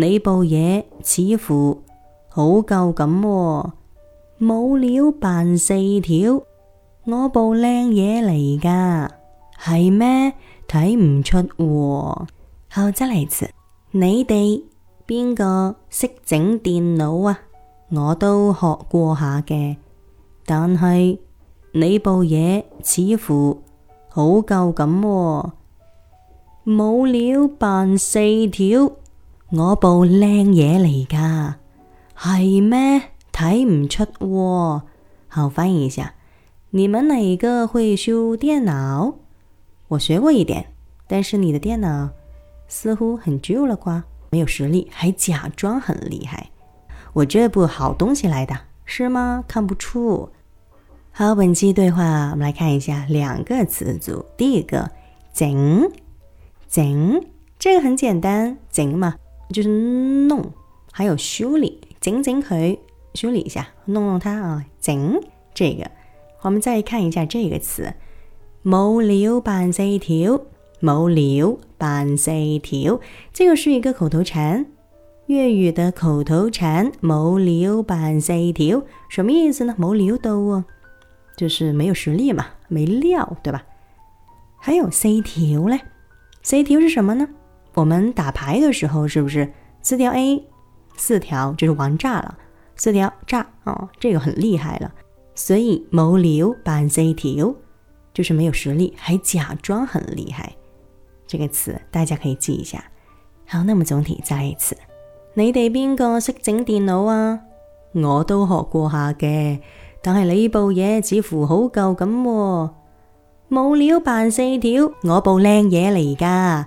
你部嘢似乎好舊咁，冇料扮四條。我部靚嘢嚟噶？係咩？睇唔出喎。好真嚟，你哋邊個識整電腦啊？我都學過下嘅，但係你部嘢似乎好舊咁，冇料扮四條。我部靚嘢嚟噶，係咩？睇唔出喎。好，翻譯一下你們哪個會修電腦？我學過一點，但是你的電腦似乎很舊了啩，沒有實力，還假裝很厲害。我這部好東西來的是嗎？看不出。好，本期對話，我們來看一下兩個詞組。第一個，整整，這個很簡單，整嘛。就是弄，還有修理，整整佢修理一下，弄弄它啊，整這個。我們再看一下這個詞，冇料扮四條，冇料扮四條，這個是一個口頭禪，粵語的口頭禪，冇料扮四條，什麼意思呢？冇料到哦。就是沒有實力嘛，沒料，對吧？還有四條嘞，四條是什麼呢？我們打牌嘅時候，是不是四條 A，四條就是王炸了，四條炸哦，這個很厲害了。所以，冇料扮四條，就是沒有實力還假裝很厲害，這個詞大家可以記一下。好，那麼總體再一次，你哋邊個識整電腦啊？我都學過下嘅，但係你部嘢似乎好舊咁喎。冇料扮四條，我部靚嘢嚟噶。